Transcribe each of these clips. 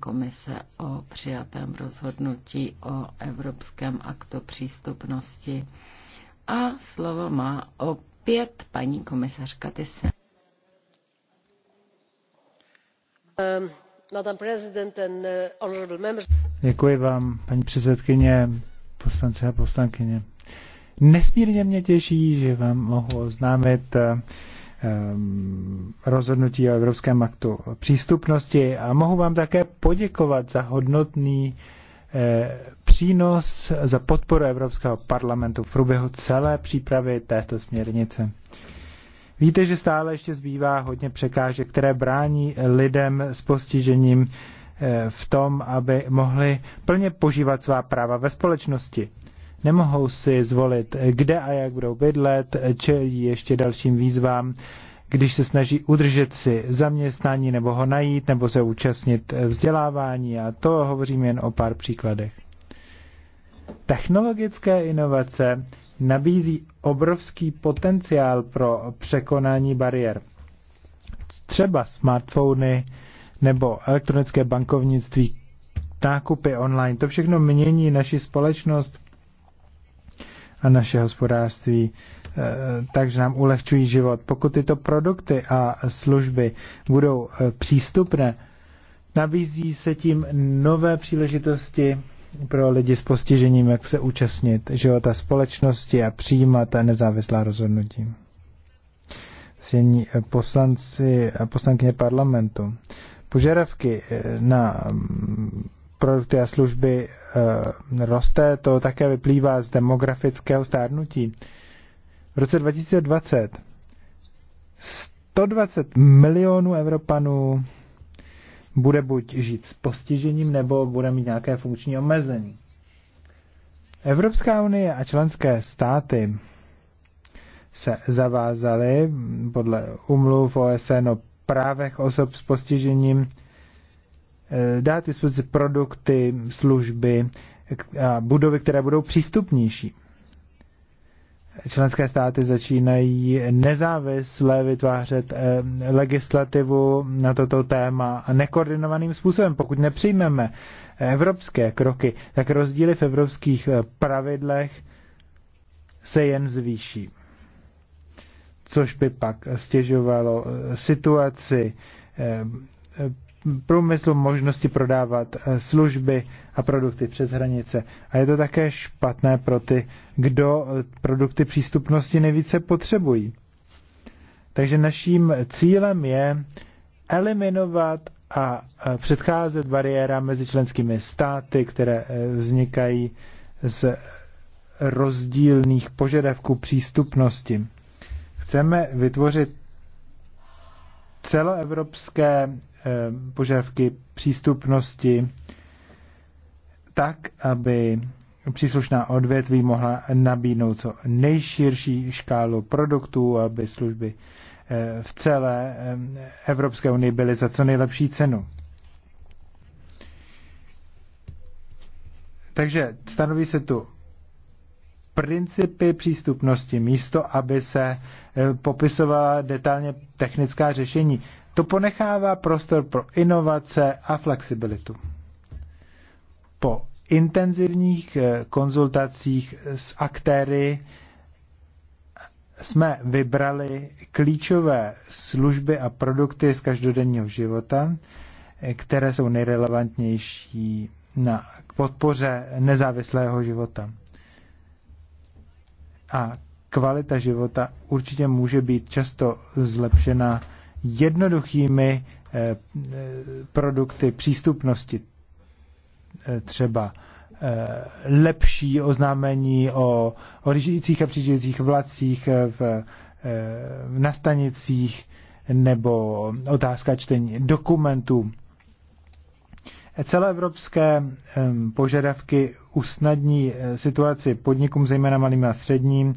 komise o přijatém rozhodnutí o Evropském aktu přístupnosti. A slovo má opět paní komisařka Tyse. Um, uh, Děkuji vám, paní předsedkyně, poslance a poslankyně. Nesmírně mě těší, že vám mohu oznámit uh, um, rozhodnutí o Evropském aktu přístupnosti a mohu vám také poděkovat za hodnotný eh, přínos za podporu Evropského parlamentu v průběhu celé přípravy této směrnice. Víte, že stále ještě zbývá hodně překážek, které brání lidem s postižením eh, v tom, aby mohli plně požívat svá práva ve společnosti. Nemohou si zvolit, kde a jak budou bydlet, čelí ještě dalším výzvám, když se snaží udržet si zaměstnání nebo ho najít nebo se účastnit vzdělávání a to hovořím jen o pár příkladech. Technologické inovace nabízí obrovský potenciál pro překonání bariér. Třeba smartfony nebo elektronické bankovnictví, nákupy online, to všechno mění naši společnost a naše hospodářství Eh, takže nám ulehčují život. Pokud tyto produkty a služby budou eh, přístupné, nabízí se tím nové příležitosti pro lidi s postižením, jak se účastnit života společnosti a přijímat a nezávislá rozhodnutí. Sjení eh, poslanci a poslankyně parlamentu. Požadavky na mm, produkty a služby roste, to také vyplývá z demografického stárnutí v roce 2020 120 milionů Evropanů bude buď žít s postižením, nebo bude mít nějaké funkční omezení. Evropská unie a členské státy se zavázaly podle umluv OSN o právech osob s postižením eh, dát dispozici produkty, služby a budovy, které budou přístupnější členské státy začínají nezávisle vytvářet eh, legislativu na toto téma a nekoordinovaným způsobem. Pokud nepřijmeme evropské kroky, tak rozdíly v evropských eh, pravidlech se jen zvýší. Což by pak stěžovalo eh, situaci průmyslu možnosti prodávat eh, služby a produkty přes hranice. A je to také špatné pro ty, kdo eh, produkty přístupnosti nejvíce potřebují. Takže naším cílem je eliminovat a eh, předcházet bariéra mezi členskými státy, které vznikají z rozdílných požadavků přístupnosti. Chceme vytvořit celoevropské Eh, požadavky přístupnosti tak, aby příslušná odvětví mohla nabídnout co nejširší škálu produktů, aby služby eh, v celé eh, Evropské unii byly za co nejlepší cenu. Takže stanoví se tu principy přístupnosti místo, aby se popisovala detailně technická řešení. To ponechává prostor pro inovace a flexibilitu. Po intenzivních eh, konzultacích s aktéry jsme vybrali klíčové služby a produkty z každodenního života, eh, které jsou nejrelevantnější na, podpoře nezávislého života. A kvalita života určitě může být často zlepšena jednoduchými eh, eh, produkty přístupnosti. Eh, třeba lepší oznámení o odjíždějících a přijíždějících vlacích v, na stanicích nebo otázka čtení dokumentů. Celoevropské ehm, požadavky usnadní situaci podnikům, zejména malým a středním,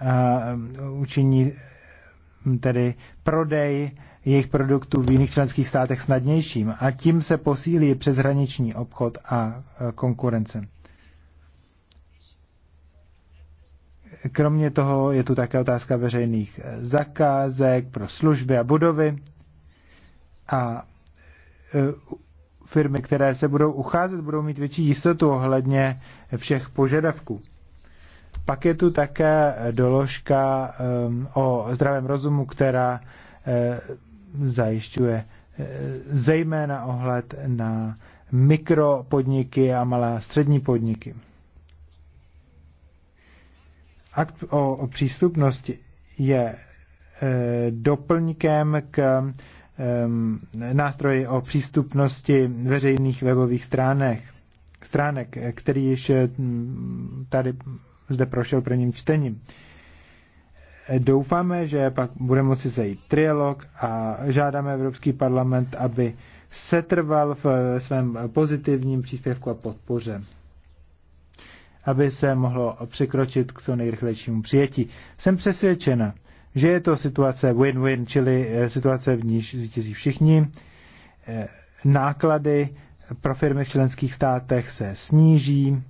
a ehm, učiní tedy prodej jejich produktů v jiných členských státech snadnějším a tím se posílí přeshraniční obchod a e, konkurence. Kromě toho je tu také otázka veřejných e, zakázek pro služby a budovy a e, firmy, které se budou ucházet, budou mít větší jistotu ohledně všech požadavků. Pak je tu také eh, doložka ehm, o zdravém rozumu, která eh, zajišťuje eh, zejména ohled na mikropodniky a malé a střední podniky. Akt o, přístupnosti je doplňkem k ehm, nástroji o přístupnosti veřejných webových stránek, stránek který již tady zde prošel prvním čtením. Doufáme, že pak bude moci zajít trialog a žádáme Evropský parlament, aby setrval v svém pozitivním příspěvku a podpoře aby se mohlo překročit k co nejrychlejšímu přijetí. Jsem přesvědčena, že je to situace win-win, čili eh, situace, v níž zvítězí všichni. Eh, náklady pro firmy v členských státech se sníží,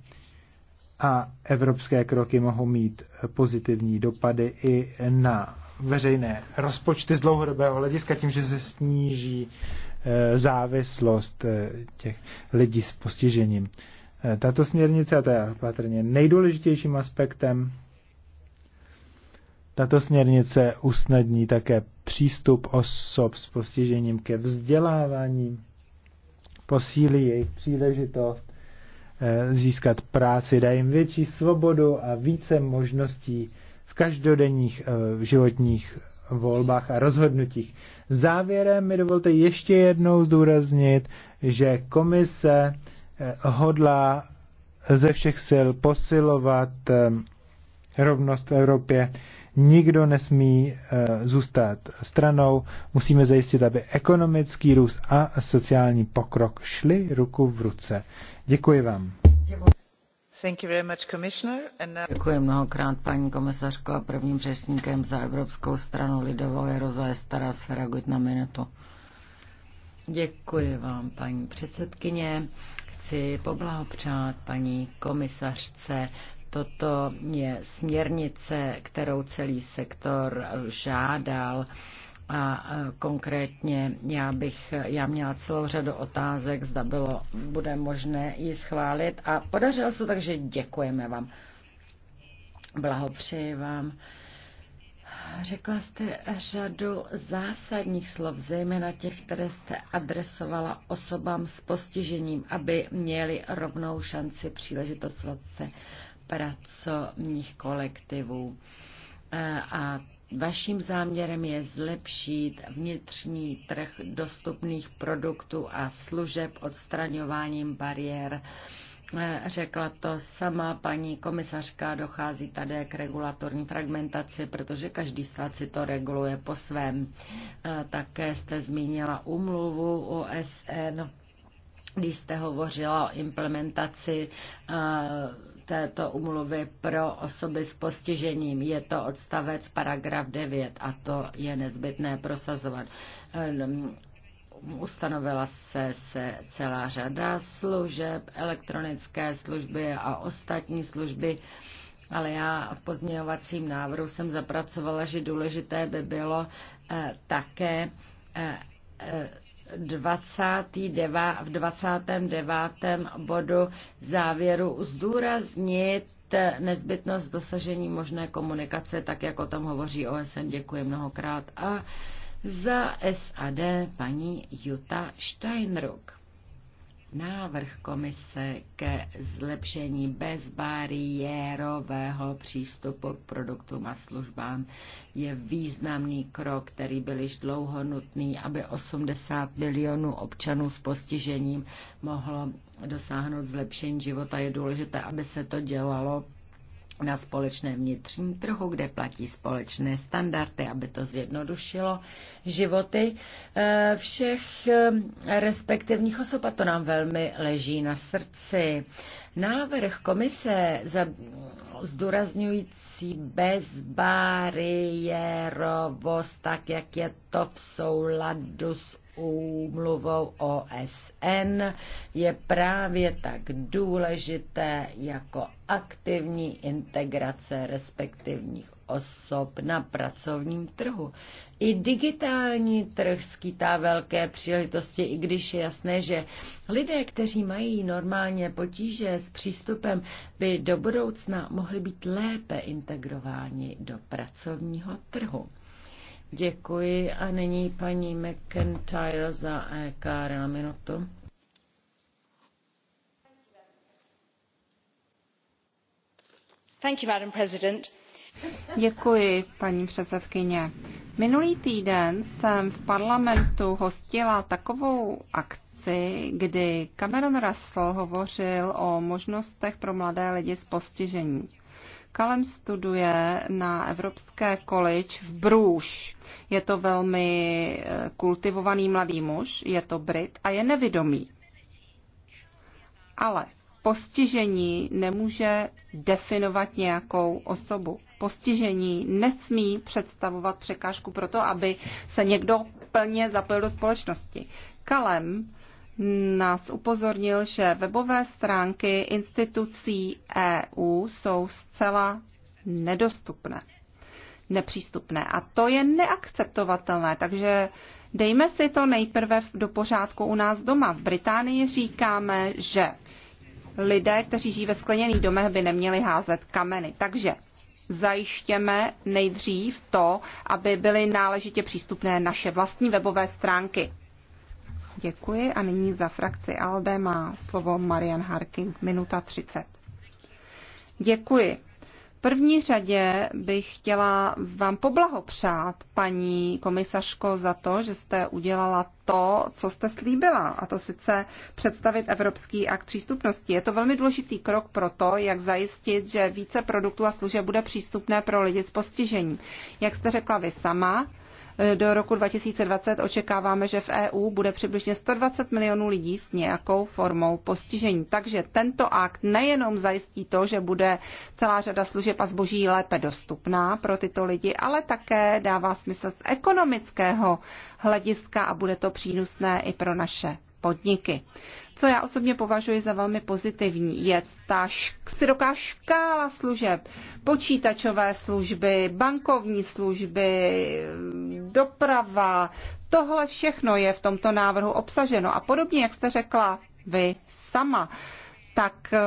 a evropské kroky mohou mít pozitivní dopady i na veřejné rozpočty z dlouhodobého hlediska tím, že se sníží eh, závislost eh, těch lidí s postižením. Eh, tato směrnice, a to je patrně nejdůležitějším aspektem, tato směrnice usnadní také přístup osob s postižením ke vzdělávání, posílí jejich příležitost Eh, získat práci, dá jim větší svobodu a více možností v každodenních eh, životních volbách a rozhodnutích. Závěrem mi dovolte ještě jednou zdůraznit, že komise eh, hodlá ze všech sil posilovat rovnost v Evropě. Nikdo nesmí zůstat stranou. Musíme zajistit, aby ekonomický růst a sociální pokrok šly ruku v ruce. Děkuji vám. Děkuji mnohokrát, paní komisařko, a prvním přesníkem za Evropskou stranu lidovou je rozvoje Stará sféra na minutu. Děkuji vám, paní předsedkyně. Chci poblahopřát paní komisařce Toto je směrnice, kterou celý sektor žádal. A e, konkrétně já bych, já měla celou řadu otázek, zda bylo, bude možné ji schválit a podařilo se, takže děkujeme vám. Blahopřeji vám. Řekla jste řadu zásadních slov, zejména těch, které jste adresovala osobám s postižením, aby měli rovnou šanci příležitost se pracovních kolektivů. E, a Vaším záměrem je zlepšit vnitřní trh dostupných produktů a služeb odstraňováním bariér. Eh, řekla to sama paní komisařka, dochází tady k regulatorní fragmentaci, protože každý stát si to reguluje po svém. Eh, také jste zmínila umluvu OSN, když jste hovořila o implementaci eh, této umluvy pro osoby s postižením. Je to odstavec paragraf 9 a to je nezbytné prosazovat. Ehm, ustanovila se, se celá řada služeb, elektronické služby a ostatní služby, ale já v pozměňovacím návrhu jsem zapracovala, že důležité by bylo eh, také eh, eh, 29, v 29. bodu závěru zdůraznit nezbytnost dosažení možné komunikace, tak jak o tom hovoří OSN. Děkuji mnohokrát. A za SAD paní Jutta Steinruck návrh komise ke zlepšení bezbariérového přístupu k produktům a službám je významný krok, který byl již dlouho nutný, aby 80 milionů občanů s postižením mohlo dosáhnout zlepšení života. Je důležité, aby se to dělalo na společném vnitřním trhu, kde platí společné standardy, aby to zjednodušilo životy eh, všech eh, respektivních osob. A to nám velmi leží na srdci. Návrh komise zdůrazňující bezbariérovost, tak jak je to v souladu s úmluvou OSN je právě tak důležité jako aktivní integrace respektivních osob na pracovním trhu. I digitální trh skýtá velké příležitosti, i když je jasné, že lidé, kteří mají normálně potíže s přístupem, by do budoucna mohli být lépe integrováni do pracovního trhu. Děkuji a nyní paní McIntyre za EKR na minutu. Thank you, Madam President. Děkuji, paní předsedkyně. Minulý týden jsem v parlamentu hostila takovou akci, kdy Cameron Russell hovořil o možnostech pro mladé lidi s postižením. Kalem studuje na Evropské college v Bruges. Je to velmi eh, kultivovaný mladý muž, je to Brit a je nevidomý. Ale postižení nemůže definovat nějakou osobu. Postižení nesmí představovat překážku pro to, aby se někdo plně zapojil do společnosti. Kalem nás upozornil, že webové stránky institucí EU jsou zcela nedostupné, nepřístupné. A to je neakceptovatelné, takže dejme si to nejprve do pořádku u nás doma. V Británii říkáme, že lidé, kteří žijí ve skleněných domech, by neměli házet kameny. Takže zajištěme nejdřív to, aby byly náležitě přístupné naše vlastní webové stránky. Děkuji a nyní za frakci ALDE má slovo Marian Harking, minuta 30. Děkuji. V první řadě bych chtěla vám poblahopřát, paní komisařko, za to, že jste udělala to, co jste slíbila, a to sice představit Evropský akt přístupnosti. Je to velmi důležitý krok pro to, jak zajistit, že více produktů a služeb bude přístupné pro lidi s postižením. Jak jste řekla vy sama, do roku 2020 očekáváme, že v EU bude přibližně 120 milionů lidí s nějakou formou postižení. Takže tento akt nejenom zajistí to, že bude celá řada služeb a zboží lépe dostupná pro tyto lidi, ale také dává smysl z ekonomického hlediska a bude to přínosné i pro naše podniky. Co já osobně považuji za velmi pozitivní, je ta široká škála služeb, počítačové služby, bankovní služby, doprava. Tohle všechno je v tomto návrhu obsaženo. A podobně, jak jste řekla vy sama, tak eh,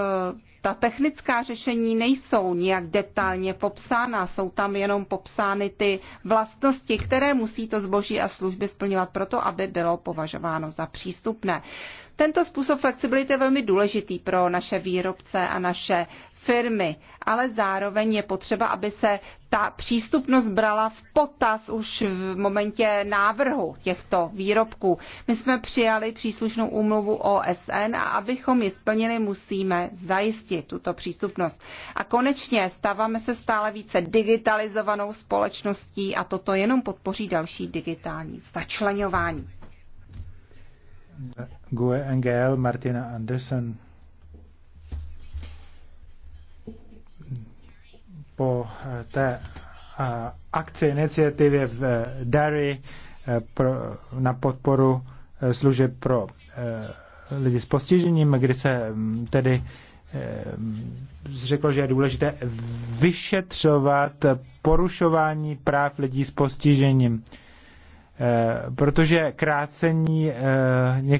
ta technická řešení nejsou nijak detailně popsána, jsou tam jenom popsány ty vlastnosti, které musí to zboží a služby splňovat proto, aby bylo považováno za přístupné. Tento způsob flexibility je velmi důležitý pro naše výrobce a naše firmy, ale zároveň je potřeba, aby se ta přístupnost brala v potaz už v momentě návrhu těchto výrobků. My jsme přijali příslušnou úmluvu OSN a abychom ji splnili, musíme zajistit tuto přístupnost. A konečně stáváme se stále více digitalizovanou společností a toto jenom podpoří další digitální začlenování. GUE Martina Anderson. té akci, iniciativě v eh, Derry eh, na podporu eh, služeb pro lidi s postižením, kdy se mm, tedy řeklo, že je důležité vyšetřovat porušování práv lidí s postižením, protože krácení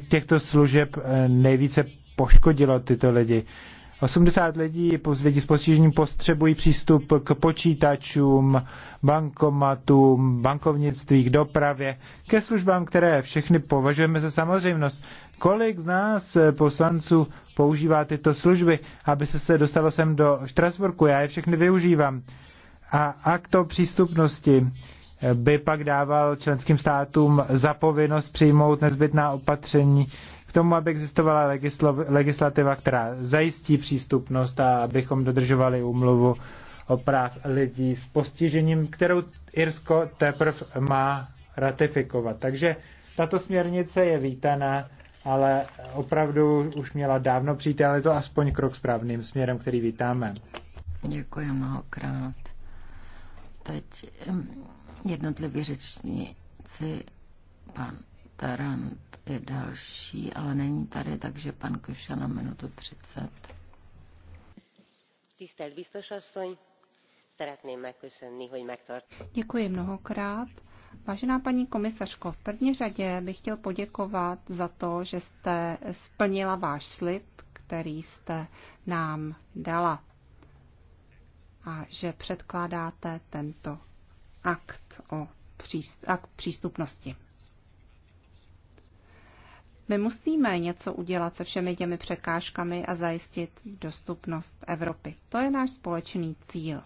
těchto služeb nejvíce poškodilo tyto lidi. 80 lidí, lidí s postižením potřebují přístup k počítačům, bankomatům, bankovnictví, k dopravě, ke službám, které všechny považujeme za samozřejmost. Kolik z nás eh, poslanců používá tyto služby, aby se se dostalo sem do Štrasburku? Já je všechny využívám. A akt o přístupnosti eh, by pak dával členským státům zapovinnost přijmout nezbytná opatření tomu, aby existovala legislo, legislativa, která zajistí přístupnost a abychom dodržovali úmluvu o práv lidí s postižením, kterou Irsko teprve má ratifikovat. Takže tato směrnice je vítaná, ale opravdu už měla dávno přijít, ale je to aspoň krok správným směrem, který vítáme. Děkuji mnohokrát. Teď jednotliví řečníci, pan Tarant je další, ale není tady, takže pan Koša na minutu 30. Tisztelt biztos asszony, szeretném megköszönni, hogy megtart. Děkuji mnohokrát. Vážená paní komisařko, v první řadě bych chtěl poděkovat za to, že jste splnila váš slib, který jste nám dala a že předkládáte tento akt o příst, akt přístupnosti. My musíme něco udělat se všemi těmi překážkami a zajistit dostupnost Evropy. To je náš společný cíl.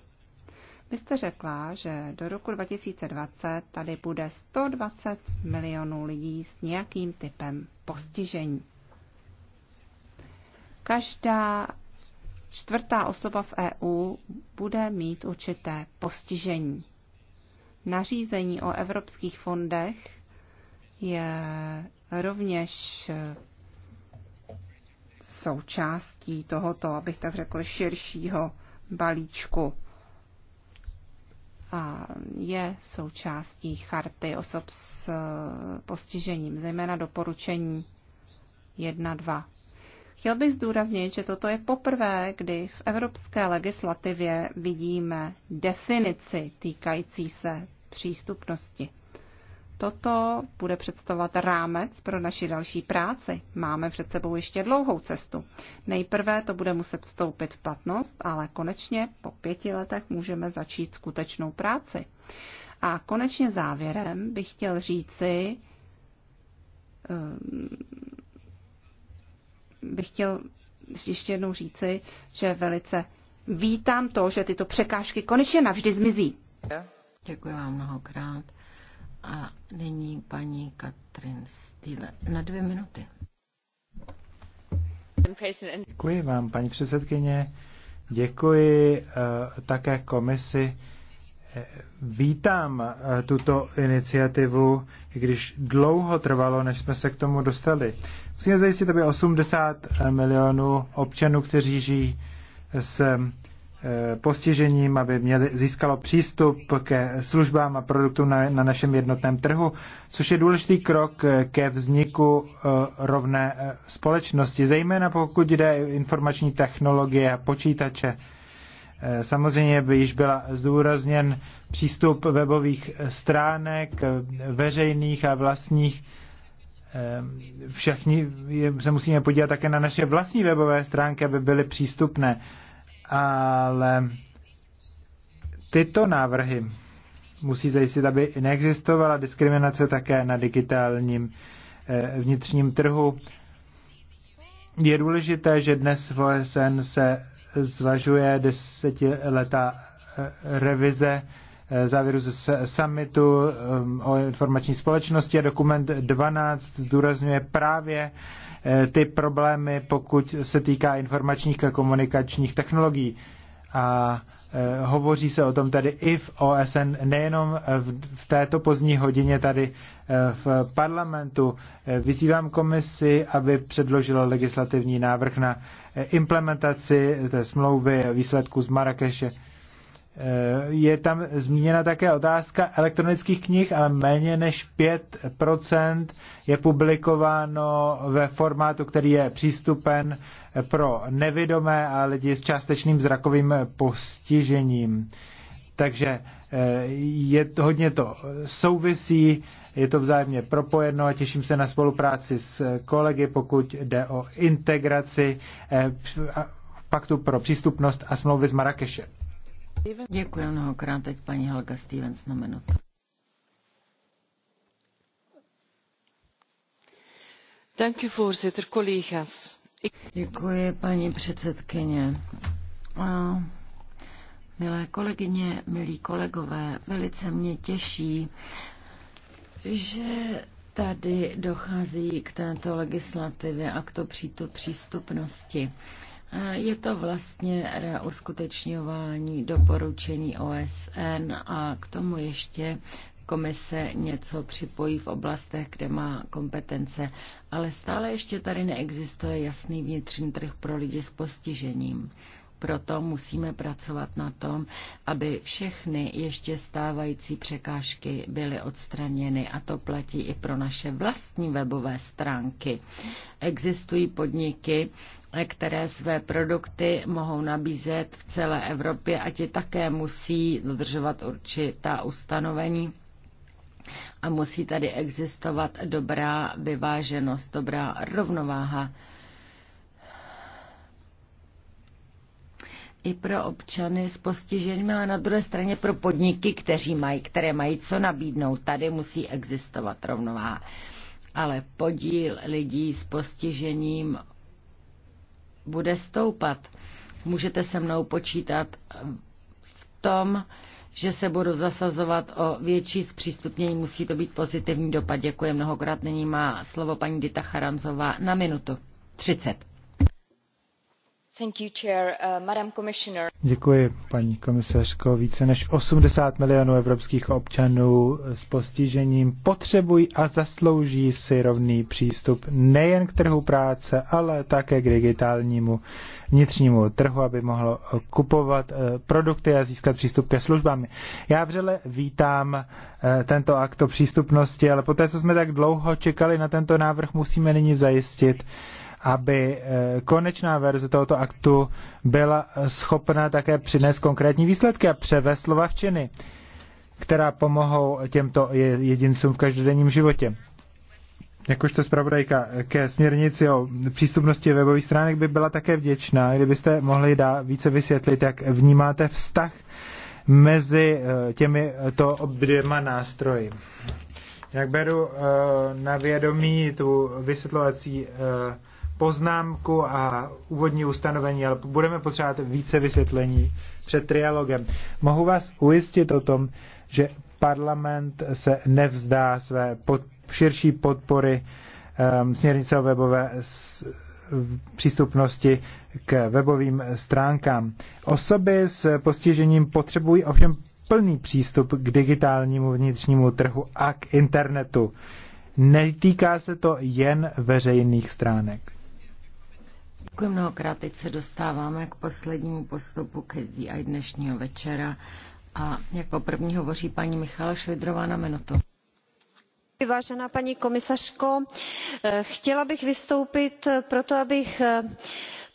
Vy jste řekla, že do roku 2020 tady bude 120 milionů lidí s nějakým typem postižení. Každá čtvrtá osoba v EU bude mít určité postižení. Nařízení o evropských fondech je rovněž eh, součástí tohoto, abych tak řekl, širšího balíčku a je součástí charty osob s eh, postižením, zejména doporučení 1.2. Chtěl bych zdůraznit, že toto je poprvé, kdy v evropské legislativě vidíme definici týkající se přístupnosti. Toto bude představovat rámec pro naši další práci. Máme před sebou ještě dlouhou cestu. Nejprve to bude muset vstoupit v platnost, ale konečně po pěti letech můžeme začít skutečnou práci. A konečně závěrem bych chtěl říci, ehm, bych chtěl ještě jednou říci, že velice vítám to, že tyto překážky konečně navždy zmizí. Děkuji vám mnohokrát. A nyní paní Katrin Stýle na dvě minuty. Děkuji vám, paní předsedkyně. Děkuji uh, také komisi. Eh, vítám uh, tuto iniciativu, i když dlouho trvalo, než jsme se k tomu dostali. Musíme zajistit, aby 80 milionů občanů, kteří žijí s Eh, postižením, aby měli, získalo přístup ke službám a produktům na, na našem jednotném trhu, což je důležitý krok eh, ke vzniku eh, rovné společnosti, zejména pokud jde informační technologie a počítače. Samozřejmě by již byla zdůrazněn přístup webových stránek, veřejných a vlastních. Všichni se musíme podívat také na naše vlastní webové stránky, aby byly přístupné ale tyto návrhy musí zajistit, aby neexistovala diskriminace také na digitálním eh, vnitřním trhu. Je důležité, že dnes v OSN se zvažuje desetiletá eh, revize Eh, závěru ze summitu o informační společnosti a dokument 12 zdůrazňuje právě eh, ty problémy, pokud se týká informačních a komunikačních technologií. A eh, hovoří se o tom tady i v OSN, nejenom v této pozdní hodině tady v parlamentu. Vyzývám komisi, aby předložila legislativní návrh na implementaci té smlouvy výsledku z Marrakeše Eh, je tam zmíněna také otázka elektronických knih, ale méně než 5% je publikováno ve formátu, který je přístupen pro nevidomé a lidi s částečným zrakovým postižením. Takže eh, je, hodně to souvisí, je to vzájemně propojeno a těším se na spolupráci s kolegy, pokud jde o integraci eh, paktu pro přístupnost a smlouvy z Marrakeše. Děkuji mnohokrát teď paní Helga Stevens na minutu. Děkuji, paní předsedkyně. A milé kolegyně, milí kolegové, velice mě těší, že tady dochází k této legislativě a k to přístupnosti. Je to vlastně uskutečňování doporučení OSN a k tomu ještě komise něco připojí v oblastech, kde má kompetence, ale stále ještě tady neexistuje jasný vnitřní trh pro lidi s postižením. Proto musíme pracovat na tom, aby všechny ještě stávající překážky byly odstraněny a to platí i pro naše vlastní webové stránky. Existují podniky, které své produkty mohou nabízet v celé Evropě a ti také musí dodržovat určitá ustanovení a musí tady existovat dobrá vyváženost, dobrá rovnováha i pro občany s postiženými, ale na druhé straně pro podniky, kteří mají, které mají co nabídnout. Tady musí existovat rovnováha. Ale podíl lidí s postižením bude stoupat. Můžete se mnou počítat v tom, že se budu zasazovat o větší zpřístupnění. Musí to být pozitivní dopad. Děkuji mnohokrát. Nyní má slovo paní Dita Charanzová na minutu 30. Uh, Děkuji, paní komisařko. Více než 80 milionů evropských občanů s postižením potřebují a zaslouží si rovný přístup nejen k trhu práce, ale také k digitálnímu vnitřnímu trhu, aby mohlo kupovat eh, produkty a získat přístup ke službám. Já vřele vítám eh, tento akt o přístupnosti, ale poté, co jsme tak dlouho čekali na tento návrh, musíme nyní zajistit, aby eh, konečná verze tohoto aktu byla schopna také přinést konkrétní výsledky a převést slova v činy, která pomohou těmto jedincům v každodenním životě. Jakožto zpravodajka ke směrnici o přístupnosti webových stránek by byla také vděčná, kdybyste mohli dá více vysvětlit, jak vnímáte vztah mezi eh, těmi eh, to oběma nástroji. Jak beru na vědomí tu vysvětlovací poznámku a úvodní ustanovení, ale budeme potřebovat více vysvětlení před trialogem. Mohu vás ujistit o tom, že parlament se nevzdá své pod, širší podpory um, směrnice o webové s, přístupnosti k webovým stránkám. Osoby s postižením potřebují ovšem plný přístup k digitálnímu vnitřnímu trhu a k internetu. Netýká se to jen veřejných stránek. Děkuji mnohokrát. Teď se dostáváme k poslednímu postupu ke zdi a dnešního večera. A jako první hovoří paní Michala Švidrová na minutu vážená paní komisařko eh, chtěla bych vystoupit proto abych eh,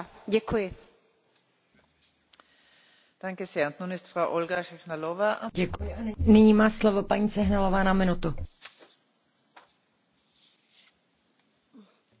místa. děkuji. děkuji. nyní má slovo paní sehnalová na minutu.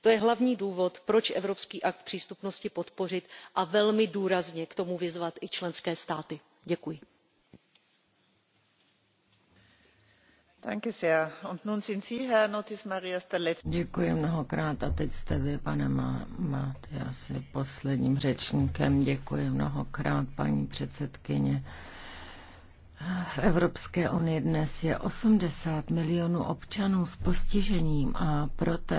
to je hlavní důvod proč evropský akt přístupnosti podpořit a velmi důrazně k tomu vyzvat i členské státy. děkuji. Děkuji mnohokrát a teď jste vy, pane Matiasi, posledním řečníkem. Děkuji mnohokrát, paní předsedkyně. V Evropské unii dnes je 80 milionů občanů s postižením a proto,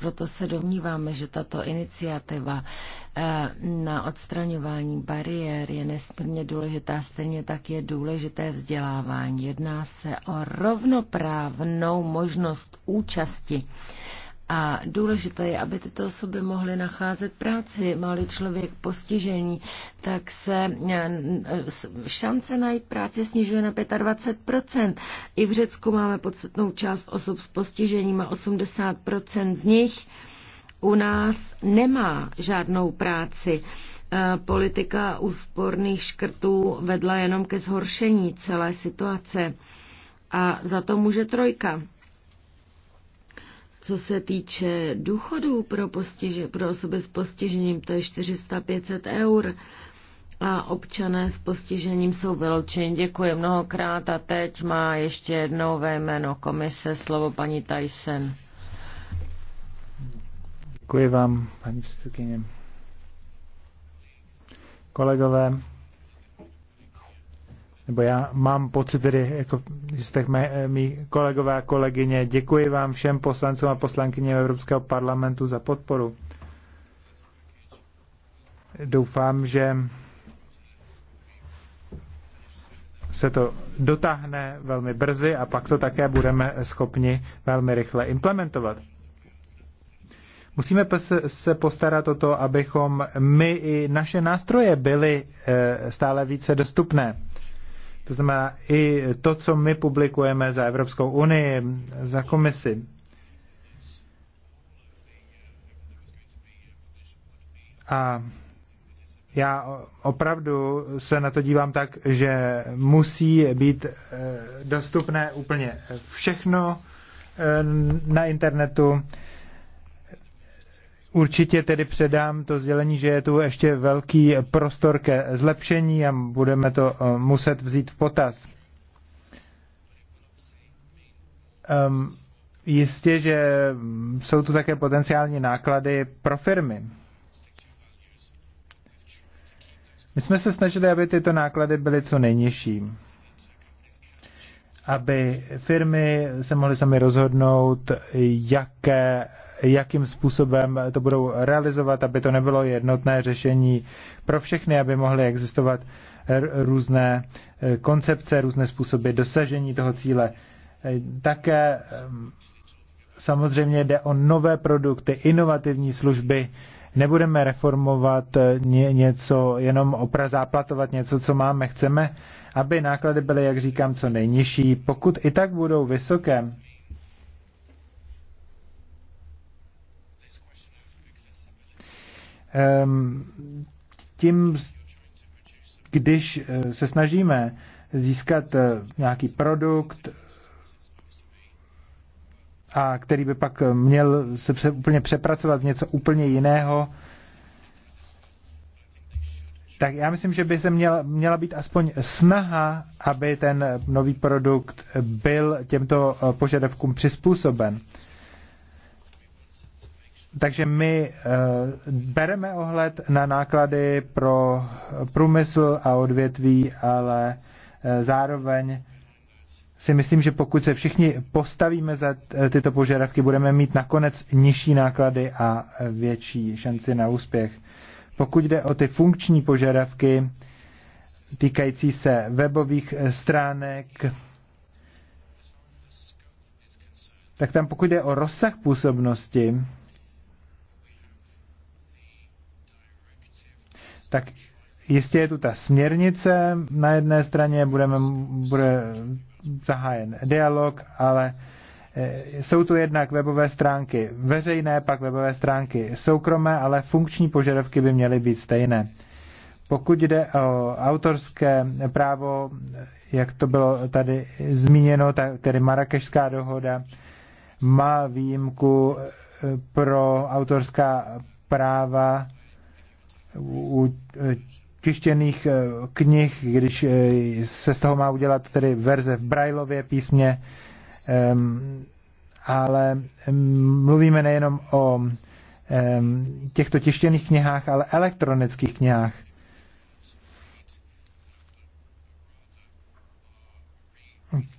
proto se domníváme, že tato iniciativa eh, na odstraňování bariér je nesmírně důležitá, stejně tak je důležité vzdělávání. Jedná se o rovnoprávnou možnost účasti a důležité je, aby tyto osoby mohly nacházet práci. Malý člověk postižení, tak se eh, šance najít práci snižuje na 25%. I v Řecku máme podstatnou část osob s postižením a 80% z nich u nás nemá žádnou práci. Eh, politika úsporných škrtů vedla jenom ke zhoršení celé situace. A za to může trojka co se týče důchodů pro, postiže, pro osoby s postižením, to je 400-500 eur a občané s postižením jsou vyloučeni. Děkuji mnohokrát a teď má ještě jednou ve jméno komise slovo paní Tyson. Děkuji vám, paní předsedkyně. Kolegové, nebo já mám pocit tedy, jako, že jste mé, mý kolegové a kolegyně, děkuji vám všem poslancům a poslankyním Evropského parlamentu za podporu. Doufám, že se to dotáhne velmi brzy a pak to také budeme schopni velmi rychle implementovat. Musíme se postarat o to, abychom my i naše nástroje byly eh, stále více dostupné to znamená i to, co my publikujeme za Evropskou unii, za komisi. A já opravdu se na to dívám tak, že musí být eh, dostupné úplně všechno eh, na internetu. Určitě tedy předám to sdělení, že je tu ještě velký prostor ke zlepšení a budeme to eh, muset vzít v potaz. Um, jistě, že mm, jsou tu také potenciální náklady pro firmy. My jsme se snažili, aby tyto náklady byly co nejnižší aby firmy se mohly sami rozhodnout, jaké, jakým způsobem to budou realizovat, aby to nebylo jednotné řešení pro všechny, aby mohly existovat různé eh, koncepce, různé způsoby dosažení toho cíle. Eh, také eh, samozřejmě jde o nové produkty, inovativní služby, Nebudeme reformovat eh, něco, jenom opra záplatovat něco, co máme. Chceme, aby náklady byly, jak říkám, co nejnižší. Pokud i tak budou vysoké, ehm, tím, když eh, se snažíme získat eh, nějaký produkt, a který by pak měl se pře, úplně přepracovat v něco úplně jiného, tak já myslím, že by se měla, měla být aspoň snaha, aby ten nový produkt byl těmto eh, požadavkům přizpůsoben. Takže my eh, bereme ohled na náklady pro průmysl a odvětví, ale eh, zároveň si myslím, že pokud se všichni postavíme za tyto požadavky, budeme mít nakonec nižší náklady a větší šanci na úspěch. Pokud jde o ty funkční požadavky týkající se webových stránek, tak tam pokud jde o rozsah působnosti, tak jistě je tu ta směrnice na jedné straně, budeme, bude zahájen dialog, ale eh, jsou tu jednak webové stránky veřejné, pak webové stránky soukromé, ale funkční požadavky by měly být stejné. Pokud jde o autorské právo, jak to bylo tady zmíněno, tedy Marrakešská dohoda má výjimku eh, pro autorská práva u tištěných eh, knih, když eh, se z toho má udělat tedy verze v Brailově písmě, ale mluvíme nejenom o těchto tištěných knihách, ale elektronických knihách.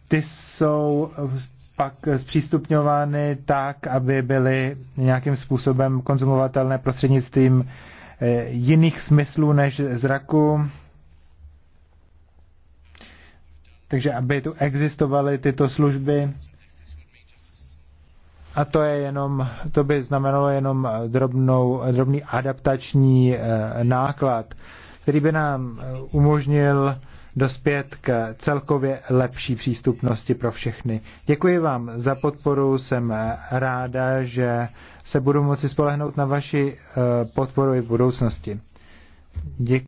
Ty jsou pak zpřístupňovány tak, aby byly nějakým způsobem konzumovatelné prostřednictvím Eh, jiných smyslů než zraku. Takže aby tu existovaly tyto služby. A to je jenom, to by znamenalo jenom drobnou, drobný adaptační eh, náklad, který by nám eh, umožnil dospět k celkově lepší přístupnosti pro všechny. Děkuji vám za podporu, jsem ráda, že se budu moci spolehnout na vaši eh, podporu i v budoucnosti. Děkuji.